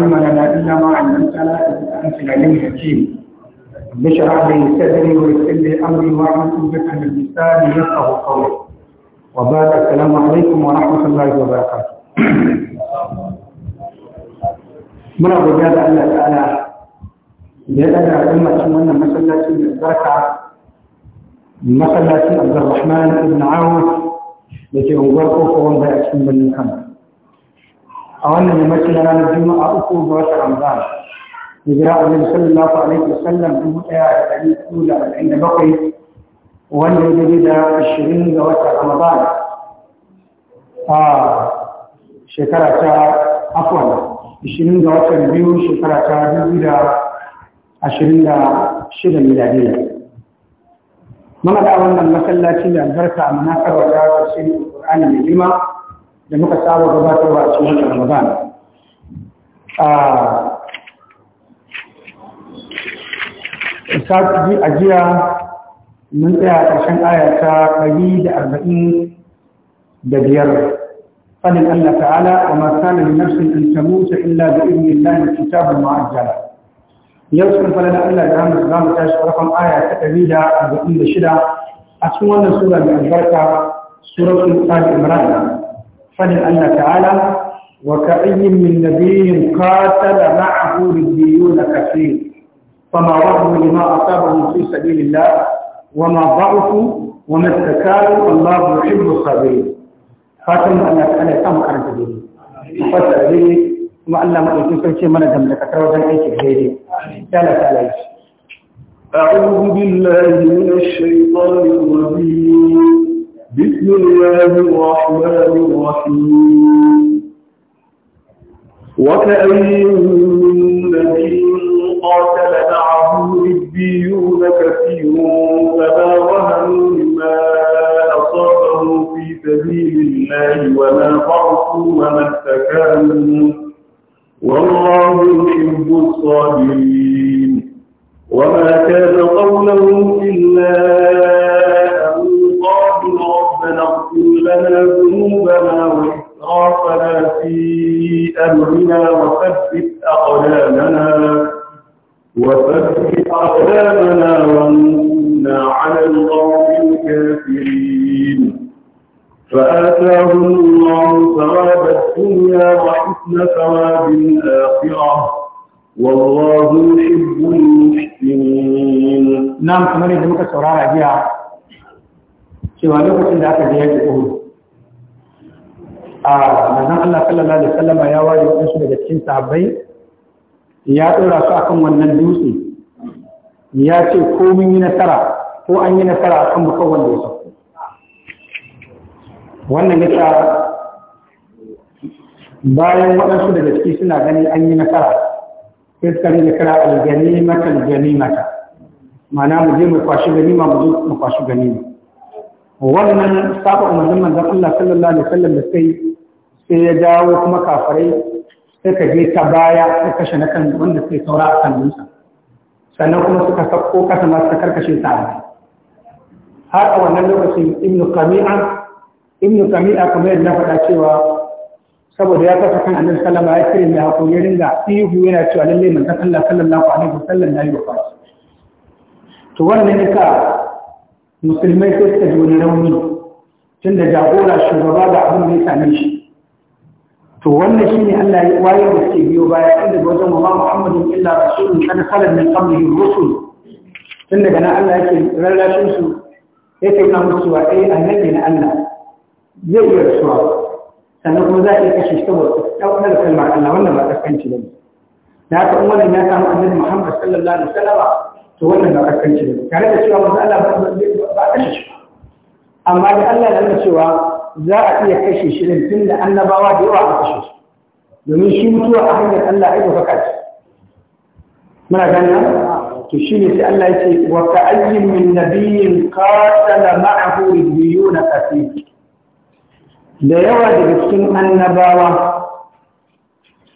علم لنا إلا ما علمتنا أنت العليم الحكيم رب اشرح لي صدري ويسر لي أمري وأعمل أمري من الانسان يفقه قولي وبعد السلام عليكم ورحمة الله وبركاته من أبو جاد تعالى لأن أنا أمة من مسلسل الزركة مسلسل عبد الرحمن بن عوف التي أنظركم فهم بأسهم من الأمر a wannan yammacin ranar juma'a uku ga wata ramadan hijira annabi sallallahu alaihi sallan dubu daya da dari hudu da arba'in da bakwai wanda ya gaji da ashirin ga wata ramadan a shekara ta afwan ashirin ga wata biyu shekara ta dubu da ashirin da shida miladiyya muna da wannan masallaci da albarka a manakar wata ta shirin alƙur'ani mai girma da muka saba gabatarwa a cikin Ramadan a sati a jiya mun tsaya a ƙarshen aya ta ɗari da arba'in da biyar fadin Allah ta'ala wa ma kana li nafsin an tamuta illa bi idnillahi kitabun mu'ajjala yau sun fara da Allah da ranar za mu tashi farkon aya ta ɗari da arba'in da shida a cikin wannan sura mai albarka suratul ali imran fadin Allah ta'ala wa ka'ayyin min nabiyin qatala ma'ahu riyyun kathir fama wa'ahu lima asabahu fi sabilillah wa ma dha'afu wa ma takalu Allah yuhibbu sabir fatan Allah ta'ala ta makaranta dai fata dai kuma Allah mai cikin sarki mana da mutakar wajen aiki dai dai Allah ta'ala أعوذ بالله من الشيطان الرجيم بسم الله الرحمن الرحيم وكأين من نبي قاتل معه ربيون كثير فما وهنوا لما أصابه في سبيل الله وما ضعفوا وما استكانوا والله يحب الصابرين وما كان قولهم إلا أمرنا وثبت أقدامنا وثبت أقدامنا وأنا على القوم الكافرين فآتاهم الله ثواب الدنيا وحسن ثواب الآخرة والله يحب المحسنين. نعم كما يجب أن تسرع على cewa lokacin a manzon Allah sallallahu alaihi wasallam ya waje wasu daga cikin sahabbai ya dora su akan wannan dutse ya ce ko mun yi nasara ko an yi nasara akan mu wanda ya sauko wannan ya sa bayan waɗansu daga ciki suna ganin an yi nasara sai suka rinka kira alganimata ganimata ma'ana mu je mu kwashi ganima mu je mu kwashi ganima wannan safa umarnin manzan Allah sallallahu alaihi wasallam da sai sai ya jawo kuma kafarai ka je ta baya sai kashe na kan wanda sai saura a kan nusa sannan kuma suka sako kasa masu ta karkashe ta har a wannan lokacin ibnu Kami'a ibnu kami'a kamar yadda na faɗa cewa saboda ya kasa kan annabi sallama ya kire mai hakuri ya ringa ihu yana cewa lalle manzon Allah sallallahu alaihi wasallam yayi wafa to wannan ne ka musulmai sai suka ji wani rauni tun da jagora shugaba da abin da ya same shi to wannan shi ne Allah ya waye da ke biyo baya inda wajen Muhammad Muhammadin illa rasulun kada salan min qablihi rusul tun daga nan Allah yake rarrashin su yake kan musu wa eh annabi na Allah zai yi rasuwa sannan kuma za a iya kashe shi saboda daukar kalmar Allah wannan ba kaskanci bane da haka wannan ya samu annabi Muhammad sallallahu alaihi wasallam to wannan ba kakkanci ne tare da cewa manzo Allah ba a kashe shi amma da Allah ya cewa za a iya kashe shi din tunda annabawa da yawa a kashe shi domin shi mutuwa a hanyar Allah ai ba kaci muna gani to shi ne sai Allah ya ce wa ka'ayyin min nabiyyin qatala ma'ahu ribiyun kathir da yawa daga cikin annabawa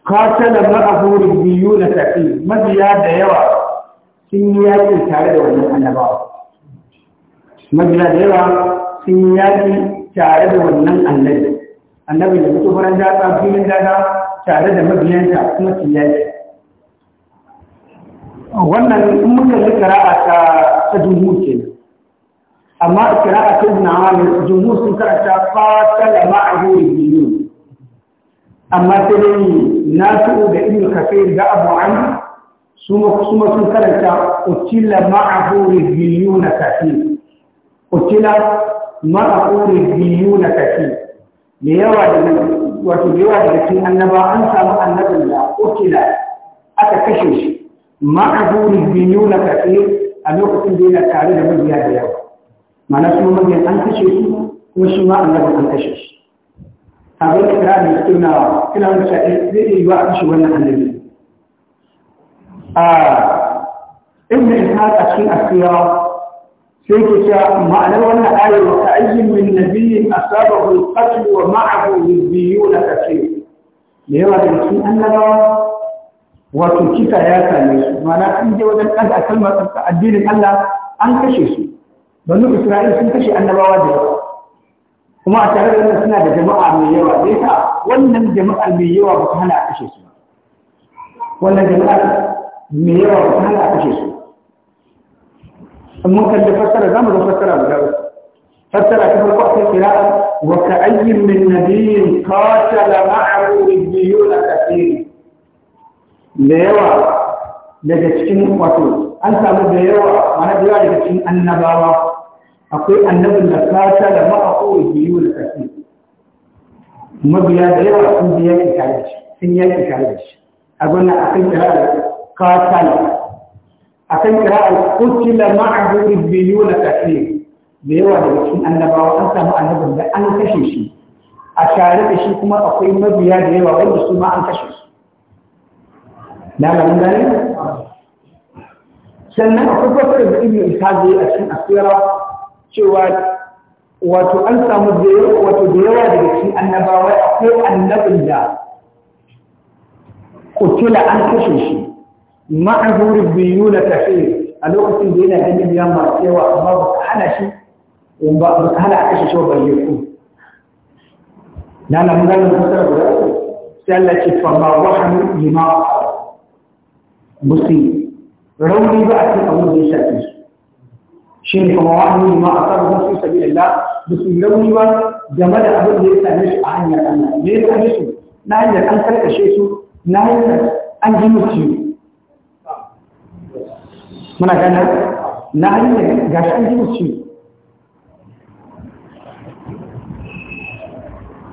qatala ma'ahu ribiyun kathir mabiya da yawa sun yi yaƙi tare da wannan annabawa majina da yawa sun yi yaƙi tare da wannan annabi annabi da fito faran daga filin daga tare da mabiyanta kuma sun yaƙi wannan in muka yi kira'a ta ta jumhur ke amma kira'a ta ibn ne jumhur sun karanta fatala ma'ahu biyu amma sai dai nasu da ilmi kafin da abu amir Suma sun karanta utila ma'ahu biyu na kafi utila ma'ahu biyu na kafi da yawa da wato da yawa daga cikin annaba an samu annabin da utila aka kashe shi ma'ahu biyu na kafi a lokacin da yana tare da mabiya da yawa ma'ana su mabiyan an kashe su kuma shi ma annabin an kashe shi abin da kira da suna kila wani shaɗi zai iya yi wa a kashe wannan annabi Ah, ibn ishaq a cikin asira sai ke cewa ma'anar wannan ayar wa ka'ayyin min nabiyyin asabahu al-qatl wa ma'ahu yubbiyuna kathir da yawa daga cikin annabawa wato kisa ya same su mana an je wajen ɗaga kalmar addinin Allah an kashe su banu Isra'il sun kashe annabawa da yawa kuma a tare da wannan suna da jama'a mai yawa da ta wannan jama'ar mai yawa ba ta hana a kashe su wannan jama'ar me yawa wahala ake so amma Mun kalli fassara Za mu zo fassara guda uku fassara ta farko akan qira'a wa ka'ayyin min nabiyyin qatala ma'ahu rabbiyun kathir da yawa daga cikin wato an samu da yawa mana da yawa daga cikin annabawa akwai annabin da kata qatala ma'ahu rabbiyun kathir mabiya da yawa sun biya ki tare sun yaki tare da shi a gwamna akan qira'a قاتل akan kira'ar kutila ma'ahu ribbiyun kafir da yawa daga cikin annabawa an samu annabin da an kashe shi a tare da shi kuma akwai mabiya da yawa wanda su ma an kashe su na lamun gane sannan akwai fasar da ibn isaji a cikin cewa wato an samu da yawa wato da yawa daga cikin annabawa akwai annabin da kutila an kashe shi ma'ahu rubiyuna kafir a lokacin da yana ganin ya masu yawa amma ba ka hana shi ba ka hana a kashe shawar bayyaku na na mun gano kusa da guda sai Allah ce fa ma wahanu lima musi rauni ba a cikin abin da ya shafi su shi ne kuma wahanu a kan wasu sabilillah musu rauni ba game da abin da ya same shi a hanyar me ya same shi na an na an muna gana na hanyar gashi an ji musu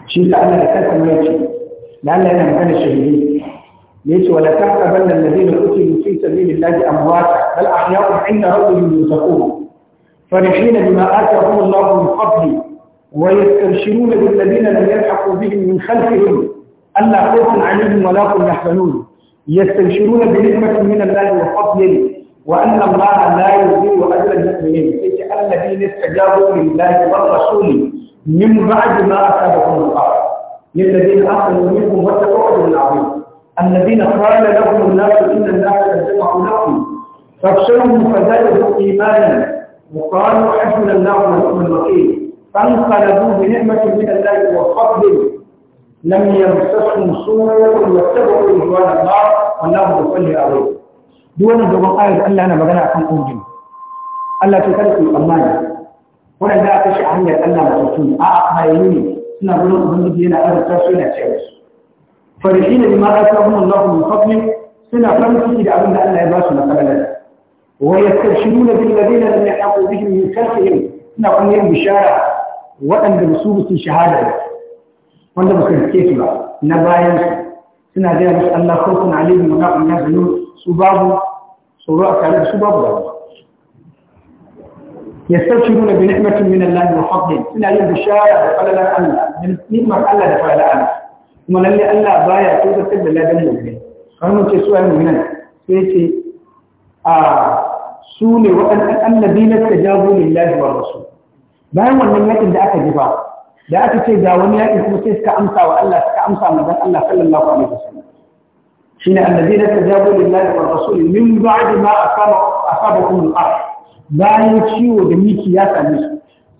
shi ta Allah da kansa ne ce da Allah yana magana shahidi ne ce wala tahsabanna alladhina qutilu fi sabilillahi amwata bal ahya'un 'inda rabbihim yurzaqun فرحين بما آتاهم الله من فضله ويستبشرون بالذين لم يلحقوا بهم من خلفهم ألا خوف عليهم ولا هم يحزنون يستبشرون بنعمة من الله وفضل وأن الله لا يضيع أجر المؤمنين إذ الذين استجابوا لله والرسول من بعد ما اتاهم القرح للذين أحسنوا منكم واتقوا أجر العظيم الذين قال لهم الناس إن الناس قد جمعوا لكم فابشرهم فزادهم إيمانا وقالوا حسبنا الله ونعم الوكيل فانقلبوا بنعمة من الله وفضل لم يمسسهم سوء واتبعوا رضوان الله والله يصلي عليهم duk wannan dogon ayar da Allah na magana kan ungin Allah ce kada ku tsammani wannan da aka shi a hanyar Allah mutum a a hayayi ne suna gurin ubangiji yana azurta su yana cewa su farihina bima atahum Allah min fadli suna farin ciki da abin da Allah ya ba su na falalar wa zina bil ladina lam bikin yin karfe khalfihim suna kuma yin bishara waɗanda ba su shahada wanda ba su riske su ba na bayan su suna gaya masu Allah ko kuna alihu na ƙunya da yau su babu tsoro a tare su babu babu ya sauci nuna bi ni'imatin min Allah wa fadlin suna yin bishara da falalar Allah ni'ima Allah da falalar Allah kuma lalle Allah baya ko da sabbin ladan mu ne kamar mun ce su ayi mu'minan sai ce a su ne waɗannan annabi na tajabu lillahi wa rasul bayan wannan yakin da aka jifa da aka ce ga wani yaƙi kuma sai suka amsa wa Allah suka amsa manzon Allah sallallahu alaihi wasallam shine alladheena tajabu lillahi wa rasuli min ba'di ma asaba asabakum al-ard bayan ciwo da miki ya same su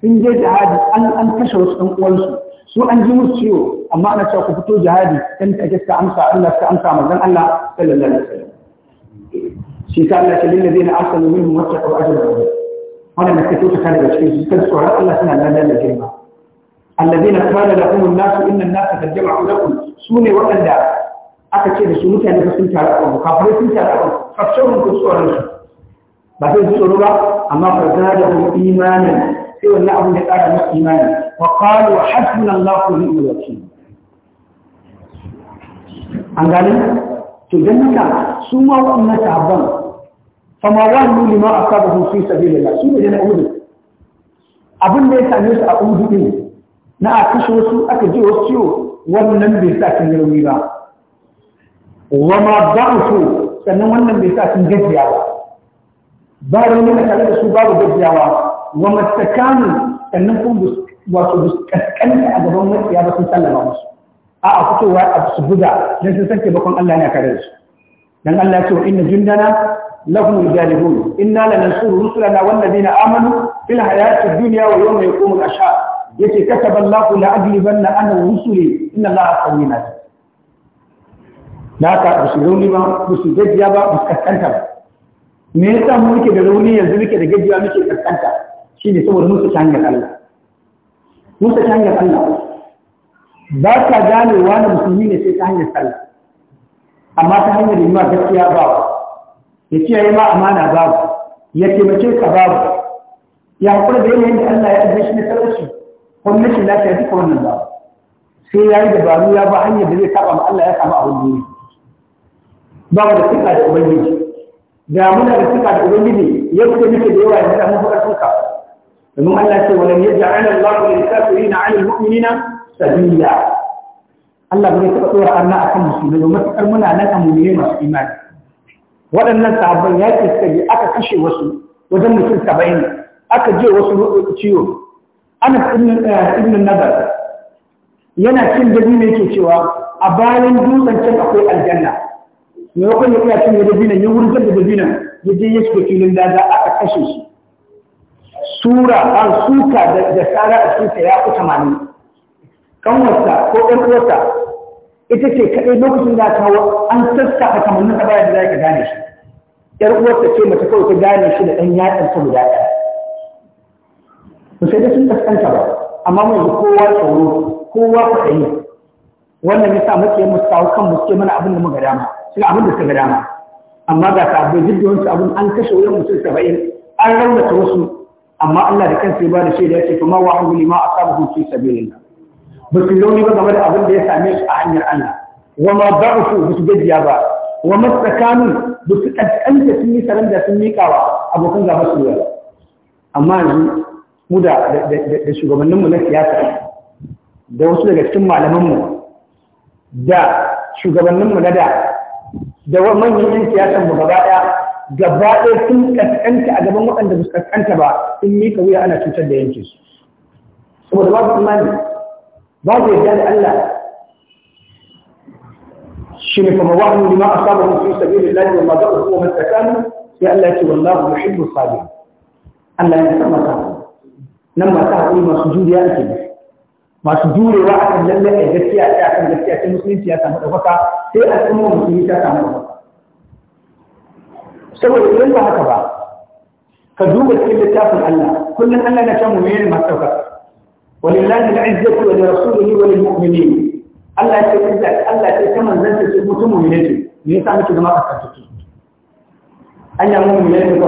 sun je jihadi an an kashe wasu ɗan uwan su su an ji musu ciwo amma ana cewa ku fito jihadi dan take suka amsa Allah suka amsa manzon Allah sallallahu alaihi wasallam shi ta Allah lil ladina ahsanu minhum wa taqaw ajran wannan da kake tuka daga cikin su kan tsoron Allah suna nan da girma الذين قال لهم الناس إن الناس قد جمعوا لكم سوني وأن aka ce da su mutane ba sun tare a ƙwanku kafirai sun tare a ƙwanku kafshon ku tsoron su ba zai ji tsoro ba amma fa zada hum imanin sai wannan abin da ƙara musu imani wa qalu hasbuna allahu wa ni'mal wakeel an gane to dan haka su ma wannan sahabban fa ma wa'anu lima asabahum fi sabilillah su ne da Uhud abin da ya same su a Uhud din na a kashe wasu aka ji wasu ciwo wannan bai sa sun rauni ba wama ba so sannan wannan bai sa sun gajiya ba ba rauni na tare da su babu gajiyawa wama tsakanin sannan kuma wato kaskanta a gaban matsiya ba sun sallama musu a a fitowa a su buga don sun sanke bakon Allah ne a kare su dan Allah ya ce wa inna jundana lahum al-ghalibun inna lanansuru rusulana wal ladina amanu fil hayati dunya wa yawma yaqumul ashhad yace kataba Allahu la ajibanna ana rusuli inna Allaha qawiyyun da haka ba su rauni ba ba su gajiya ba ba su kaskanta ba me yasa mu muke da rauni yanzu muke da gajiya muke kaskanta shine saboda musu ta hanyar Allah musu ta hanyar Allah ba ka gane wani musulmi ne sai ta hanyar sallah amma ta hanyar imma gaskiya ba ya ce yayi ma amana babu ya taimake ka babu ya hakura da yanayin da Allah ya tabbashi na talauci wani rashin lafiya duka wannan ba sai ya yi dabaru ya ba hanyar da zai saba ma Allah ya samu abin duniya ba mu da tsika da ubangiji da muna da tsika da ubangiji yau da muke da yawa yanzu da mun fara tsoka domin Allah ya ce wa lam yaj'al Allahu lil kafirina 'ala al mu'minina sabila Allah bai taɓa tsora Allah akan musulmi ba matakar muna nan a mu'mini masu imani waɗannan sahabban yaƙi suka je aka kashe wasu wajen mutum saba'in aka je wasu ciwo Anas eh, ibn Nadar yana cin dabino yake cewa a bayan dutsen can akwai aljanna me ya ne iya cin ne ya wurin da ne ya je ya shiga filin daga aka kashe shi sura an suka da sara a cikin ya ku tamani kanwarsa ko ɗan uwarsa ita ce kaɗai lokacin da kawo an sassafa kamannin da baya da za ka gane shi ƴar uwarsa ce mace kawai ta gane shi da ɗan yatsan ta guda ɗaya to sai dai sun kaskanta ba amma mu yanzu kowa tsoro kowa kwaɗayi wannan ya sa muke mu kawo kan mu mana abin da muka dama suna abin da suka dama amma ga sabbi duk da wancan abin an kashe wurin mutum saba'in an raunata wasu amma Allah da kansa ya ba da shaida ya ce kuma wa hanguli ma asabahu fi sabilillah ba su launi ba game da abin da ya same su a hanyar Allah wa ma ba'fu ba su gajiya ba wa tsakanin ba su da sun yi saranda sun miƙawa abokan gaba su yi amma yanzu mu da shugabanninmu na siyasa da wasu daga cikin malamanmu da shugabanninmu na da da manyan yan siyasanmu gaba ɗaya gaba ɗaya sun kaskanta a gaban waɗanda ba su kaskanta ba sun mika wuya ana cutar da yankin su saboda babu imani babu yadda da Allah shi ne kuma wa'ani lima asaba mu fi sabilillahi wa ma da'u huwa man takana ya Allah ya ce wallahu yuhibbu sabirin Allah ya san maka nan ba ta haƙuri masu juriya ake nufi masu jurewa a kan lallai a gaskiya a kan gaskiya sai musulunci ya samu ɗaukaka sai a al'umma musulunci ta samu ɗaukaka saboda idan ba haka ba ka duba cikin littafin Allah kullum Allah na can mu'minin masu ɗaukaka ولله العزة ولرسوله وللمؤمنين Allah ya ce izza Allah ya ce ta manzanta ce mutum mu'minin ne me yasa muke zama kasance an yi mu'minin ne ba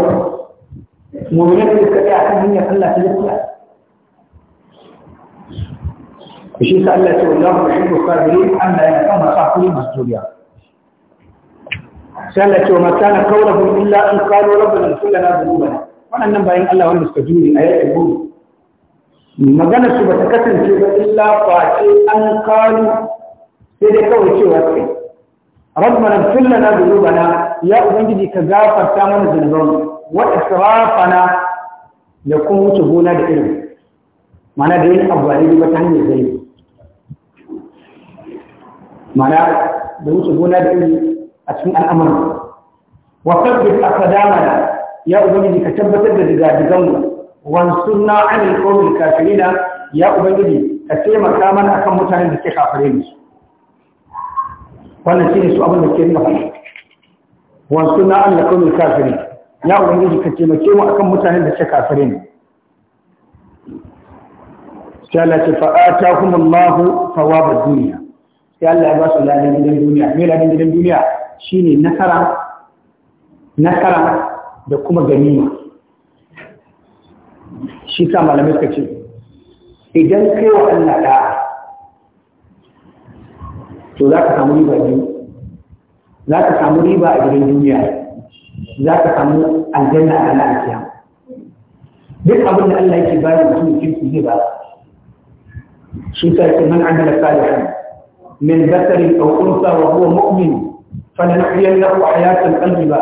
mu'minin ne suka tsaya kan hanyar Allah ta gaskiya shi sa Allah ce wallahu yuhibbu sabirin Allah ya kama sahuri masu juriya sai Allah ce wa makana kaulahum illa an qalu rabbana ighfir lana dhunubana wannan bayan Allah wanda suka juri a yayin gudu magana su ba ta kasance ba illa face an qalu sai dai kawai cewa sai rabbana ighfir lana dhunubana ya ubangiji ka gafarta mana zunubanmu wa israfana da kuma wuce gona da irin. mana da yin abu ba daidai ba ta hanyar zai Ma'ana da wuce gona da iri a cikin al'amuran wasar da aka dama ya ubangiji ka tabbatar da digadiganmu wansunna anil qawmil kafirina ya ubangiji ka taimaka mana akan mutanen da ke kafare ne wannan shine su abin da ke nuna wansunna anil qawmil kafirin ya ubangiji ka taimake mu akan mutanen da ke kafare ne sai Allah ya ce fa atahumullahu thawabad dunya sai Allah ya ba su ladan gidan duniya me ladan gidan duniya shine nasara nasara da kuma ganima shi sa malamai suka ce idan kai wa Allah da to za ka samu riba biyu za ka samu riba a gidan duniya za ka samu aljanna a ranar kiyama duk abin da Allah yake bayar da mutum kirki zai ba shi ta yake man da salihan من ذكر أو أنثى وهو مؤمن فلنحيينه حياة طيبة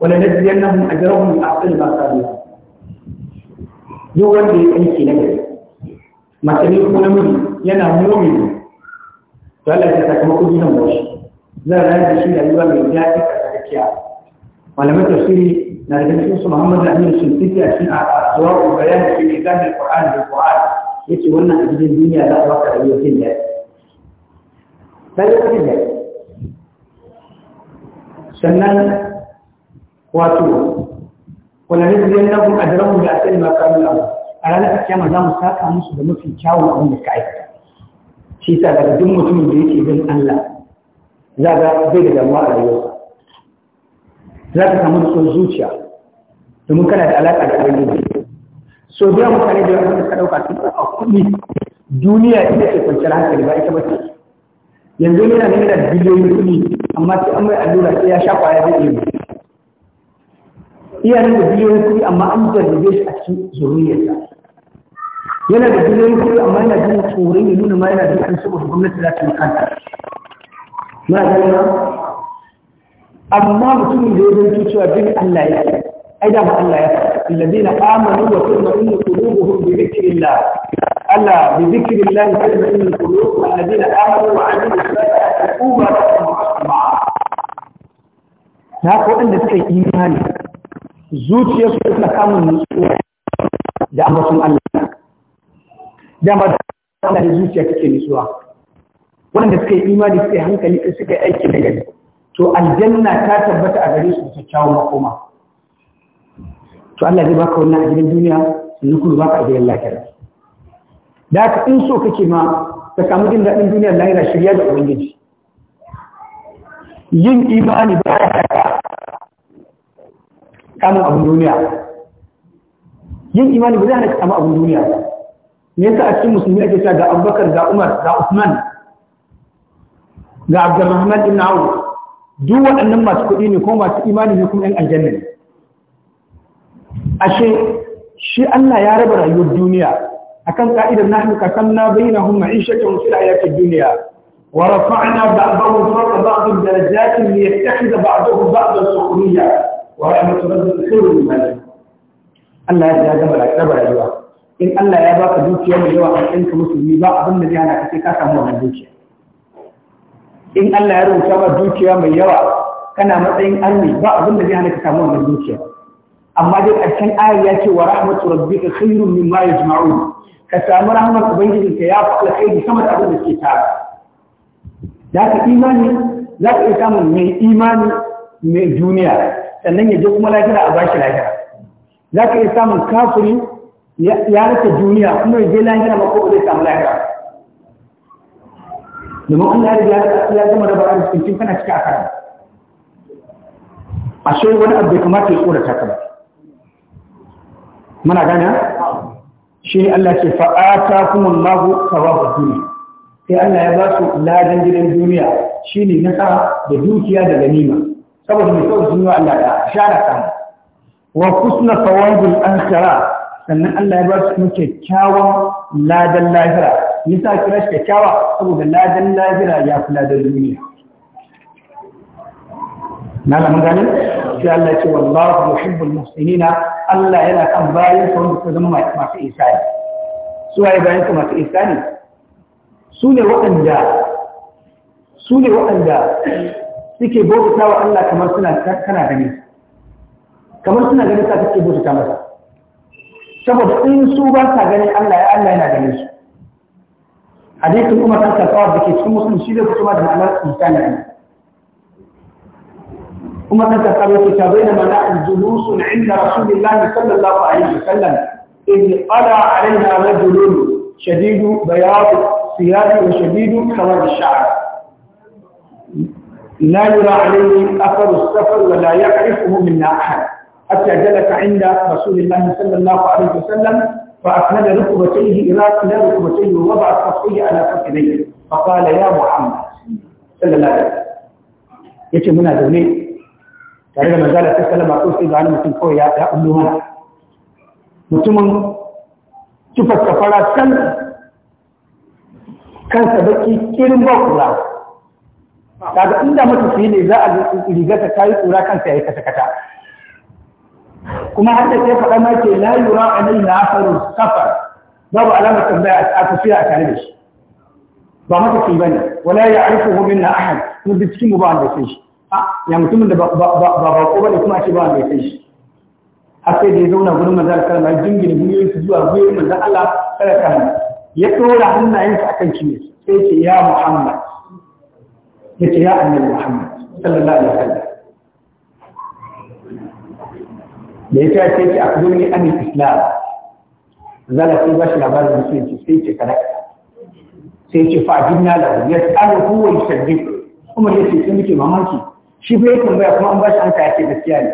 ولنجزينهم أجرهم بأحسن ما كانوا يوم da aiki na gari matsali ko namiji yana mumini to Allah ya saka maka gidan washi zan rayar da shi rayuwa mai daɗi a tsakiya malamin tafsiri na da cikin su Muhammad Amin Shinti a cikin azwa bayan da ke da Qur'ani da wannan a gidan duniya za a baka daga ƙarfin da sannan wato wani rizuyar na kuma adiranmu da asali makarar abu a ranar kyamar za mu saka musu da mafi kyawun abin da ka aikata shi sa duk mutumin da yake bin Allah za ga bai da damuwa a rayuwarsa za ka samu nutsuwar zuciya domin kana da alaƙa da ubangiji so mutane da yawa suka ɗauka sun ɗauka kuɗi duniya ita ce kwanciyar hankali ba ita ba yanzu yana nan yana biliyoyin kuɗi amma sai an mai allura sai ya sha kwaya zai iya iya nan da biliyoyin kuɗi amma an zarrabe shi a cikin zuriyarsa yana da biliyoyin kuɗi amma yana jin tsoron ya nuna ma yana da kan saboda gwamnati za ta makanta muna ganin amma mutumin da ya zanto cewa bin Allah ya yi ai da ma Allah ya faɗa alladina amanu wa tatma'innu qulubuhum bi dhikrillah Allah bi dhikrillah tatma'innu qulub alladina amanu wa 'amilu salihati uba na ko inda suka yi imani zuciyarsu ta samun nutsuwa da ambaton Allah da ma da zuciya take nutsuwa wanda suka yi imani suka yi hankali suka yi aiki da gari to aljanna ta tabbata a gare su da kyakkyawan makoma to Allah zai baka wannan a gidan duniya sannan kuma baka a gidan lahira da haka in so kake ma ka samu jin daɗin duniya lahira shirya da ubangiji yin imani ba ya kama abin duniya yin imani ba zai hana kama abin duniya me yasa a cikin musulmi ake cewa ga Abubakar ga Umar ga Usman ga Abdurrahman ibn awu duk waɗannan masu kuɗi ne kuma masu imani ne kuma ɗan aljanna ne ashe shi Allah ya raba rayuwar duniya akan ka'idar nahnu kasamna bainahum ma'ishatan fil hayatid dunya wa rafa'na ba'dahum fawqa ba'dhin darajatin liyattakhidha ba'dahum ba'dan sukhriya wa rahmatu rabbika khairun mimma Allah ya raba rayuwa in Allah ya baka dukiya mai yawa a cikin musulmi ba abin da zai hana ka samu wannan dukiya in Allah ya rubuta ba dukiya mai yawa kana matsayin arni ba abin da zai hana ka samu wannan dukiya amma dai ƙarshen ayar ya ce wa rahmatu rabbika khairun mimma yajma'un ka samu rahmar ka ya fi alkhairi sama da abin da ke tare za ka imani za ka iya samun mai imani mai duniya sannan ya je kuma lafiya a bashi lafiya za ka iya samun kafiri ya rasa duniya kuma ya je lafiya ba ko ba zai samu lafiya domin Allah ya zama da ba'a cikin kana akara a shi wani abu da kamata ya tsorata ka ba muna gane shi ne Allah ce fa'ata kuma mahu sawabar duniya sai Allah ya ba su ladan gidan duniya shi ne nasa da dukiya da ganima saboda mai kawai duniya Allah ya shara samu wa kusna sawabul akhira sannan Allah ya ba su kuma kyakkyawan ladan lahira nisa kira shi kyakkyawa saboda ladan lahira ya fi ladan duniya na lamun ganin sai Allah ya ce wallahu yuhibbul muhsinina Allah yana kan bayan sa wanda suka zama masu ne su waye bayan su masu ne su ne waɗanda su ne waɗanda suke bautata wa Allah kamar suna kana gani kamar suna gani sa suke bautata masa saboda in su ba sa ganin Allah ya Allah yana ganin su hadisin Umar kan kasawa da ke cikin musulunci zai fito ma da ma'anar ne kuma تقرأ كتابين ta الجلوس عند رسول الله صلى الله عليه وسلم إذ قلع علينا رجل شديد بياض الثياب وشديد سواد الشعر لا يرى عليه أثر السفر ولا يعرفه منا أحد حتى جلس عند رسول الله صلى الله عليه وسلم فأكمل ركبتيه إلى ركبتيه ووضع الصفية على فخذيه فقال يا محمد صلى الله عليه وسلم يتمنى ذلك tare da manzala sai sallama ko sai ga wani mutum kawai ya ya kullu mana mutumin tufar kafara kan kansa baki kirin ba kula kaga inda mutum ne za a riga ta kai kura kansa yayi kata kata kuma har da sai faɗa ma ke la yura alai na faru safar babu alamar tambaya a tafiya a tare da shi ba mata ki bane wala ya arifu min ahad mun bi cikin mu ba wanda sai shi ya mutumin da ba ba ba bane kuma ce ba mai kai shi har sai da ya zauna gurin manzan kalma ya jingina gwiwoyin su zuwa gwiwoyin manzan Allah kada ka hannu ya tsora hannayensa akan kime sai ce ya Muhammad ya ce ya annabi Muhammad sallallahu alaihi wasallam da ya ta ce kudin akhduni an islam zala sai ba shi labarin musulunci sai ce kada sai ce fa jinna lahu yas'aluhu wa yusaddiq kuma yace sai muke mamaki shi fa ya tambaya kuma an bashi an ta yake gaskiya ne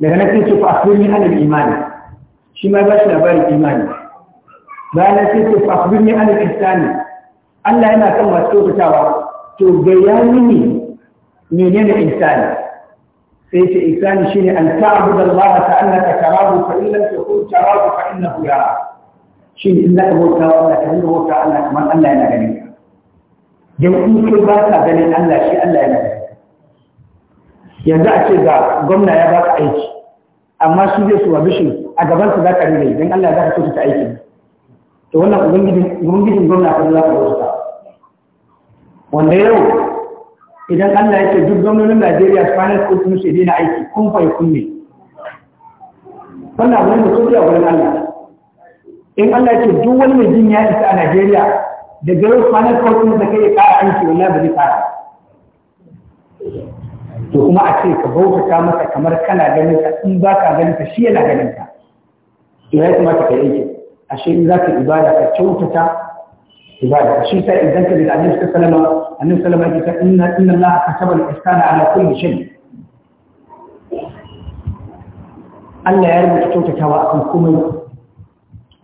daga na sai ce fa akhbirni an al-imani shi ma bashi labarin imani bayan na sai ce fa akhbirni an al-ihsani Allah yana kan masu kyautatawa to bayani ne menene ihsani sai ce ihsani shine an ta'budu Allah ta annaka tarahu fa in lam takun tarahu fa innahu yara shine in zaka bauta wa Allah ka bauta Allah kamar Allah yana ganin ka dan in kai ba ka ganin Allah shi Allah yana ganin yanzu a ce ga gwamna ya baka aiki amma su zai su wabishin a gaban su za ka rage don Allah za ka so ta aiki to wannan ubangijin gwamna ka za ka ta wanda yau idan Allah ya ce duk gwamnonin Najeriya su final su sun shaidi na aiki kun fai kunne wannan wani da kuke a wurin Allah in Allah ya ce duk wani mai jin ya isa a Najeriya da su final school sun da kai ya kara aiki wallahi ba zai to kuma a ce ka bautata masa kamar kana ganin ta in ba ka ganin ta shi yana ganin ta to ya kuma ka yanke ashe in zaka ibada ka kyautata ibada shi ta idan ka da annabi sallallahu alaihi wasallam annabi sallallahu alaihi wasallam ya ce inna inna allaha kataba al-ihsana ala kulli shay Allah ya rubuta kyautatawa kan komai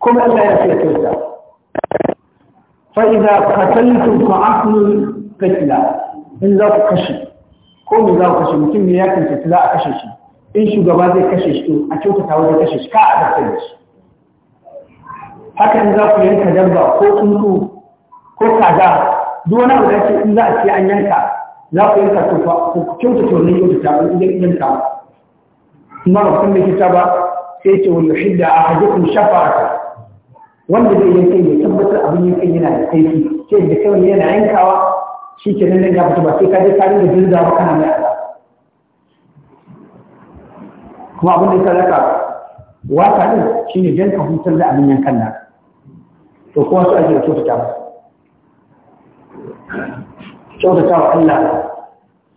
kuma Allah ya rubuta kyautata fa idza qataltum fa aqlu qatla in za ku kashi ko mu za ku kashe mutum ne ya cancanci za a kashe shi in shugaba zai kashe shi to a kyautata wajen kashe shi ka a zartar da shi Hakan za ku yanka dabba ko tsuntsu ko kaza duk wani abu da ke in za a ce an yanka za ku yanka to ku kyautata wannan kyautata ba idan yanka kuma ba san me ta ba sai ce wani shidda a hajjakun shafa'ata wanda zai yanka ya tabbatar abin yankan yana da kaifi sai da kawai yana yankawa shi ke nan ya fito ba sai ka je ka rinka jirga ba kana mai azaba kuma abin da ya sadaka waka din shine jan ka hutar da abin yankan nan to kuma su ake kyautata ba kyautata wa Allah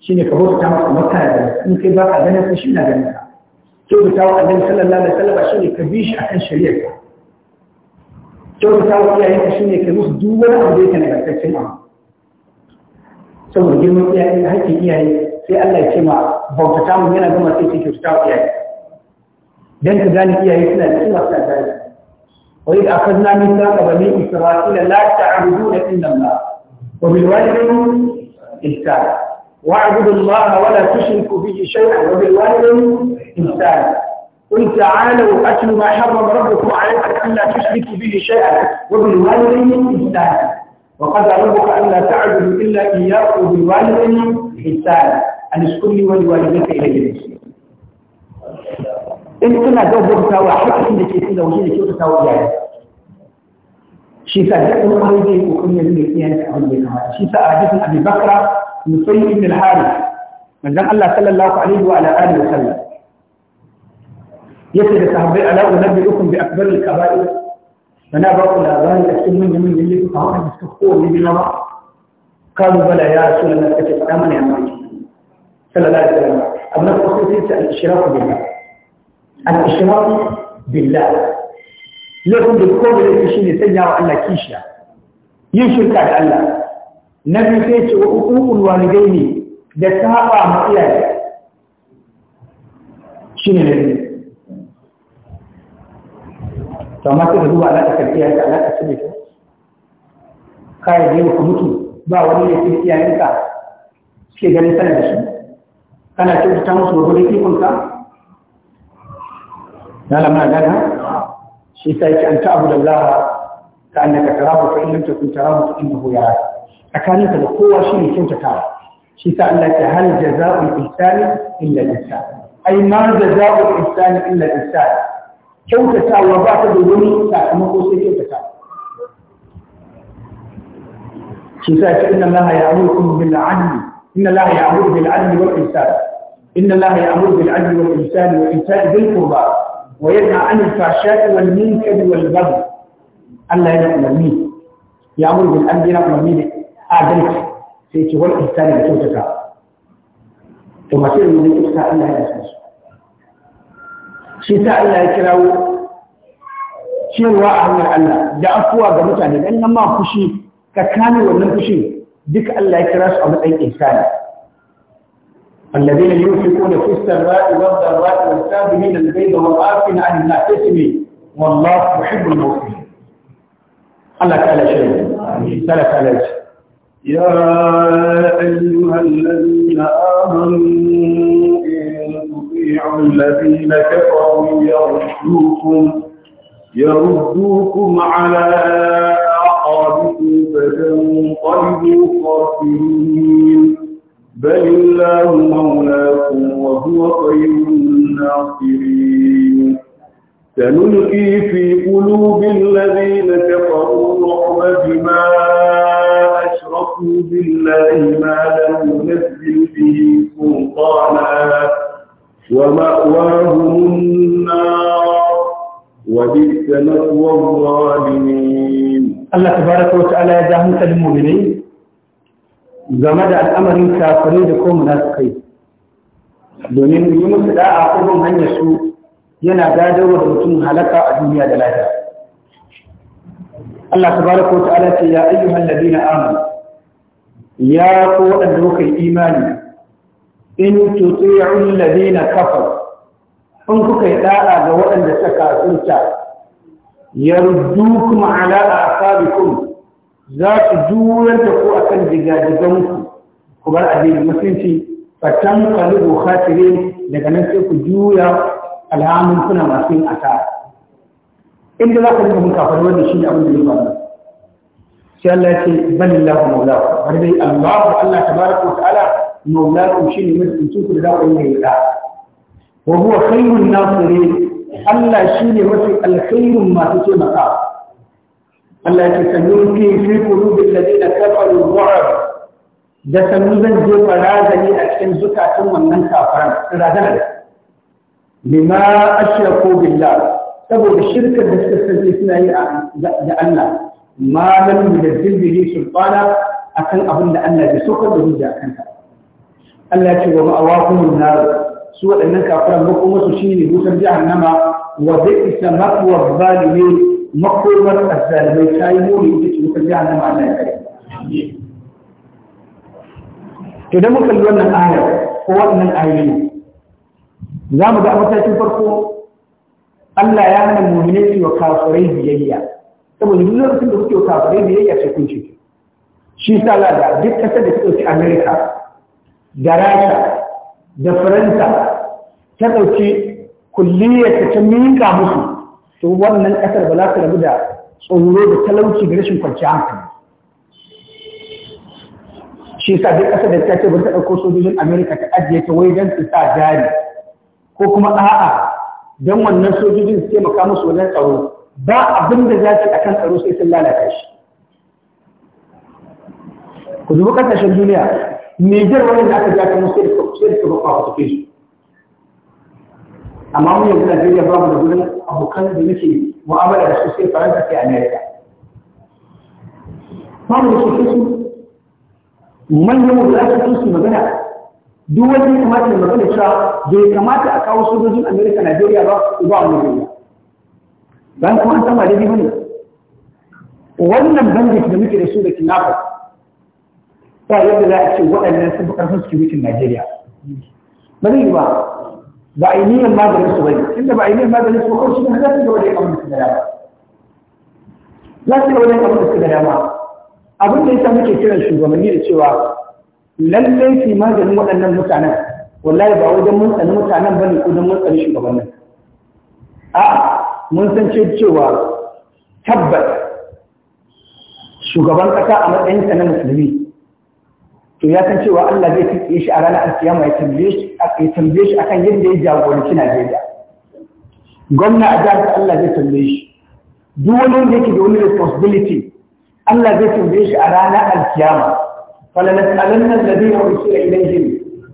ne ka bauta masa kamar da in kai ba ka ganin shi na ganin ka kyautata wa Allah sallallahu alaihi wasallam ne ka bi shi akan shari'ar ka kyautata wa iyayen ka ne ka musu duk wani abu da yake nagartaccen abu saboda girman iyaye da hakkin iyaye sai Allah ya ce ma bautata mu yana gama sai ce kyauta wa iyaye dan ka gane iyaye suna da kima suna da وإذ أخذنا ميثاق بني إسرائيل لا تعبدون إلا الله وبالوالدين إحسانا واعبدوا الله ولا تشركوا به شيئا وبالوالدين إحسانا قل تعالوا أتلوا ما حرم ربكم عليكم ألا تشركوا به شيئا وبالوالدين إحسانا وقد أعلمك أن لا تعبد إلا إياه بالوالدين حسانا أن اشكر لي ولوالدك إلى جنسك إن كنا دوبر سوا حتى كنا كيسين لو جينا كيسين سوا جاية شيسا جاءنا مريضين وكنا من الإيان كأهل بنا شيسا أعجز أبي بكر نصي ابن الحارث من زم الله صلى الله عليه وعلى آله وسلم يسجد صحبه ألا أنبئكم بأكبر الكبائر Bana ba ku labarin da cikin manyan manyan laifuka da suka kowane jina ba. Kalu bala ya so na kace faɗa mana ya ce. Sallallahu alaihi wasallam. Abu na farko sai ce al-ishraku billah. Al-ishraku billah. Laifin da kowane shi shine sanya wa Allah kishiya. Yin shirka da Allah. Na biyu sai ce wa uqul walidaini da saba ma iyaye. Shine ne to amma sai ka duba alaƙa kan iyayenka alaƙa ce mai kyau kai da yau ka mutu ba wani ne cikin iyayenka suke ganin sanar da shi kana kyautata musu gurgurin ikonka na lamuna gana shi sai ki an ta'abu da Allah ka annaka tarahu fa in lam takun tarahu fa innahu yaraka tsakaninka da kowa shi ne kyautatawa shi ta Allah ta hal jaza'ul ihsani illa ihsan ai ma jaza'ul ihsani illa ihsan kyautatawa ba ta da wani sakamako sai kyautatawa shi sa ce inna allaha ya'murukum bil 'adli inna allaha ya'muru bil 'adli wal ihsan inna allaha ya'muru bil 'adli wal ihsan wa ita'i dhil qurba wa yanha 'anil fahsha'i wal munkari wal baghi Allah ya umarni ya'muru bil 'adli na umarni da adalci sai ce wal ihsan da kyautatawa to masu yin da kyautatawa Allah ya san su shi sa Allah ya kirawo cewa a hanyar Allah da afuwa ga mutane dan nan ma fushi ka kame wannan fushi duka Allah ya kira su a matsayin ihsani الذين ينفقون في السراء والضراء والسابقين البيض والعافين عن الناس والله يحب المؤمنين الله تعالى شيء تعالى تعالى يا ايها الذين امنوا الذين كفروا يردوكم يردوكم على أعقابكم فتنقلبوا خاسرين بل الله مولاكم وهو خير الناصرين سنلقي في قلوب الذين كفروا الرعب بما أشركوا بالله ما لم ينزل به سلطانا ومأواهم النار وبئس مثوى الظالمين الله تبارك وتعالى يا جاهل المؤمنين game da al'amarin kafirai da ko munafikai domin yi musu da'a ko bin hanyar su yana gadarwa da mutum halaka a duniya da lafiya Allah tabaraka wa ta'ala ce ya ayyuhal ladina amanu ya ko wadanda kuka yi imani in tuti'u alladhina kafaru in kuka yi ɗara ga waɗanda suka kafirta yardukum ala asabikum za su juyar da ku akan digadiganku ku bar addinin musulunci fatan kalu khatirin daga nan sai ku juya alhamun kuna masu yin asara inda za ku rika mun kafar wanda shi ne abin da ya faru sai Allah ya ce balillahu maulahu bari dai Allah Allah tabaraka wa ta'ala مولاكم شيء مثل تنكر دعوة إليه وهو خير الناصرين Allah shi ne mafi alkhairun masu ce maka. Allah ke sannu fi fi kuru da lalai da kafarin zuwa da sannu zan jefa razani a cikin zukatun wannan kafaran razanar. Lima ashiya ko billa saboda shirkar da suka sanke suna yi da Allah ma lam yudazzil bihi sulfana akan abin da Allah bai sokar da hujja kanta. Allah ce wa ma'awakumun na su waɗannan kafiran makoma su shine wutar nama wa zai bi'sa maqwa zalimin makomar azzalimai ta yi muni ita ce wutar nama Allah ya kare to da muka kalli wannan ayar ko wannan ayoyi za mu ga a matakin farko Allah ya hana mu'minai su wa kafirai biyayya saboda duk lokacin da kuke kafirai biyayya sai kun ce shi sa da duk kasar da ta ɗauki Amerika da rasha da faranta ta ɗauki kulliyar ta ta miƙa musu to wannan ƙasar ba za ta rabu da tsoro da talauci da rashin kwanciyar hankali shi sa duk ƙasar da ta ce ba ta ɗauko sojojin amerika ta ajiye ta wai don su sa jari ko kuma a'a don wannan sojojin su taimaka musu wajen tsaro ba abin da za su akan tsaro sai sun lalata shi ku dubi ƙasashen duniya Nijar wani da aka jaka musu da sai da suka a suke su. Amma wani yanzu Najeriya ba mu da gudun abokan da muke mu'amala da su sai Faransa sai Amerika. Ba mu da su su manyan mu da aka su magana duk wanda ya kamata da magana cewa bai kamata a kawo sojojin Amerika Najeriya ba ba mu ba. Ban kuma an sama daidai ne. Wannan bandit da muke da su da kinafa ba yadda za a ce waɗannan sun fi ƙarfin security Najeriya ba zai yi ba ba a yi niyan maganin su bane inda ba a yi niyan maganin su ba kawai shi ne za su gaba da yin abin da suka dama za su gaba da yin abin da suka dama abin da ya sa muke kiran shugabanni da cewa lallai su maganin waɗannan mutanen wallahi ba wajen mun tsani mutanen ba ne ko don mun tsani shugabannin a'a mun san cewa tabbas shugaban ƙasa a matsayinsa na musulmi to ya san cewa Allah zai fiye shi a ranar alkiyama ya tambaye shi akan yadda ya jagoranci Najeriya gwamna a jihar Allah zai tambaye shi duk wani wanda yake da wani responsibility Allah zai tambaye shi a ranar alkiyama fala nas'alanna alladhina ursila ilayhim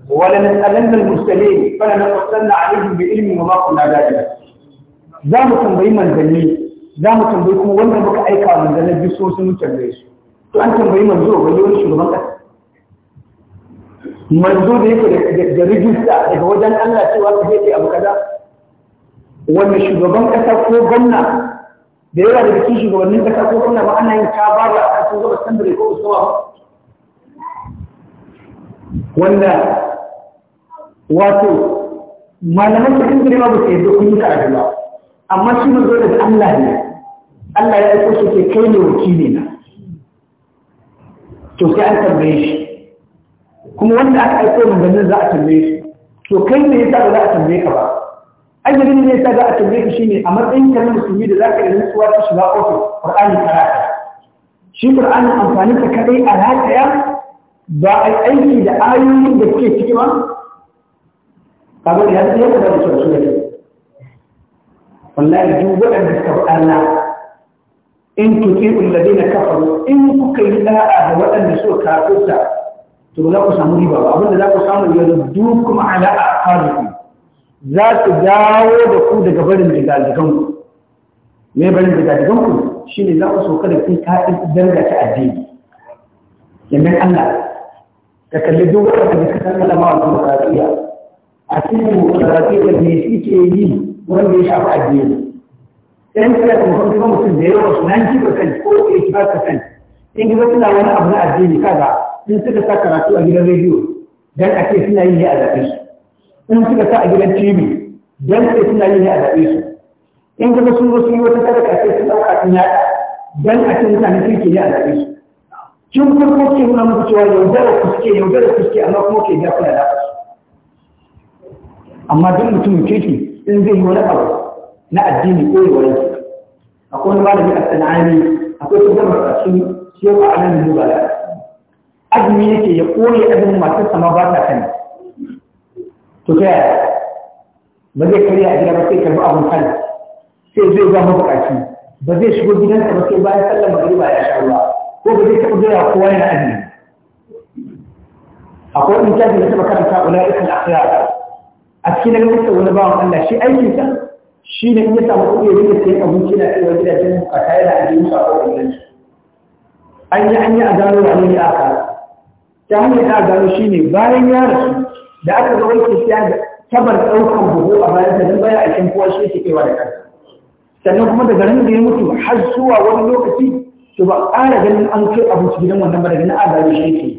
wa la nas'alanna al-mursalin fala na alaihim bi ilmin wa ma kunna dalil za mu tambayi manzanni za mu tambayi kuma wanda muka aika manzanni biyu so sun tambaye su to an tambayi manzo wani wani shugaban kasa manzo da yake da rijista daga wajen Allah cewa ka je abu kaza wanda shugaban kasa ko gwamna da yawa da cikin shugabannin kasa ko gwamna ba ana yin kabara a cikin gaba sandare ko usawa wanda wato malaman cikin gari ma ba su yadda kun yi ta'adu ba amma shi manzo da Allah ne Allah ya aiko shi ke kai ne wakili na to sai an tambaye shi kuma wanda aka aiko manzannin za a tambaye su to kai me yasa ba za a tambaye ka ba ajalin ne yasa za a tambaye ka shine a matsayin ka na musulmi da zaka yi nutsuwa ta shiga ofis qur'ani karata shi qur'ani amfani ka kadai a rataya ba a aiki da ayoyin da kuke ciki ba kaga ya ce ka da su ne wallahi duk waɗanda suka bi na. in tuti'u alladhina kafaru in kuka yi da'a da waɗanda suka kafirta to za ku samu riba ba abinda za ku samu yau duk kuma ala aqabikum za su dawo da ku daga barin digadigan ku me barin digadigan ku shine za ku soka da kai ka danga ta addini yannan Allah ka kalli duk wanda da kan malama wa demokradiya a cikin demokradiya da me suke yi wanda ya shafi addini ɗan kira da mutum mutum da yawa su 90% ko 85% in gaba suna wani abu na addini kaza in suka sa karatu a gidan rediyo don a ce suna yin ne a zaɓe su in suka sa a gidan tv don a ce suna yin ne a zaɓe su in kuma sun zo sun yi wata sadaka sai sun ɗauka sun yaɗa don a ce mutane ke ne a zaɓe su kin farko ke nuna muku cewa yaudara ku suke yaudara ku suke amma kuma ke gafa da su amma duk mutumin kirki in zai yi wani abu na addini ko yawan akwai wani malami a sana'ani akwai kuma masu shi yau a alamin da. azumi yake ya koye azumin matar sama ba ta kan to ta yaya ba zai karya a gida ba sai karbi abin kan sai zai ba mabukaci ba zai shigo gidansa ba sai bayan sallar magariba ya sha ruwa ko ba zai taɓa gaya kowa yana azumi akwai wani jaji da taɓa karanta ula'ikan akhira a cikin nan mutum wani bawan Allah shi aikin sa shi ne in ya samu kuɗi ya rike sai abinci na cewa gidajen bukata yana ajiyar su a kowane an yi an yi a gano wani ne aka ta hanyar da gano shi ne bayan ya rasu da aka zo wanke siya da tabar ɗaukan buhu a bayan sa don baya a cikin kowa shi ke kewa da kansa sannan kuma daga nan da ya mutu har zuwa wani lokaci to ba ƙara ganin an kai abinci gidan wannan ba daga na gano shi ke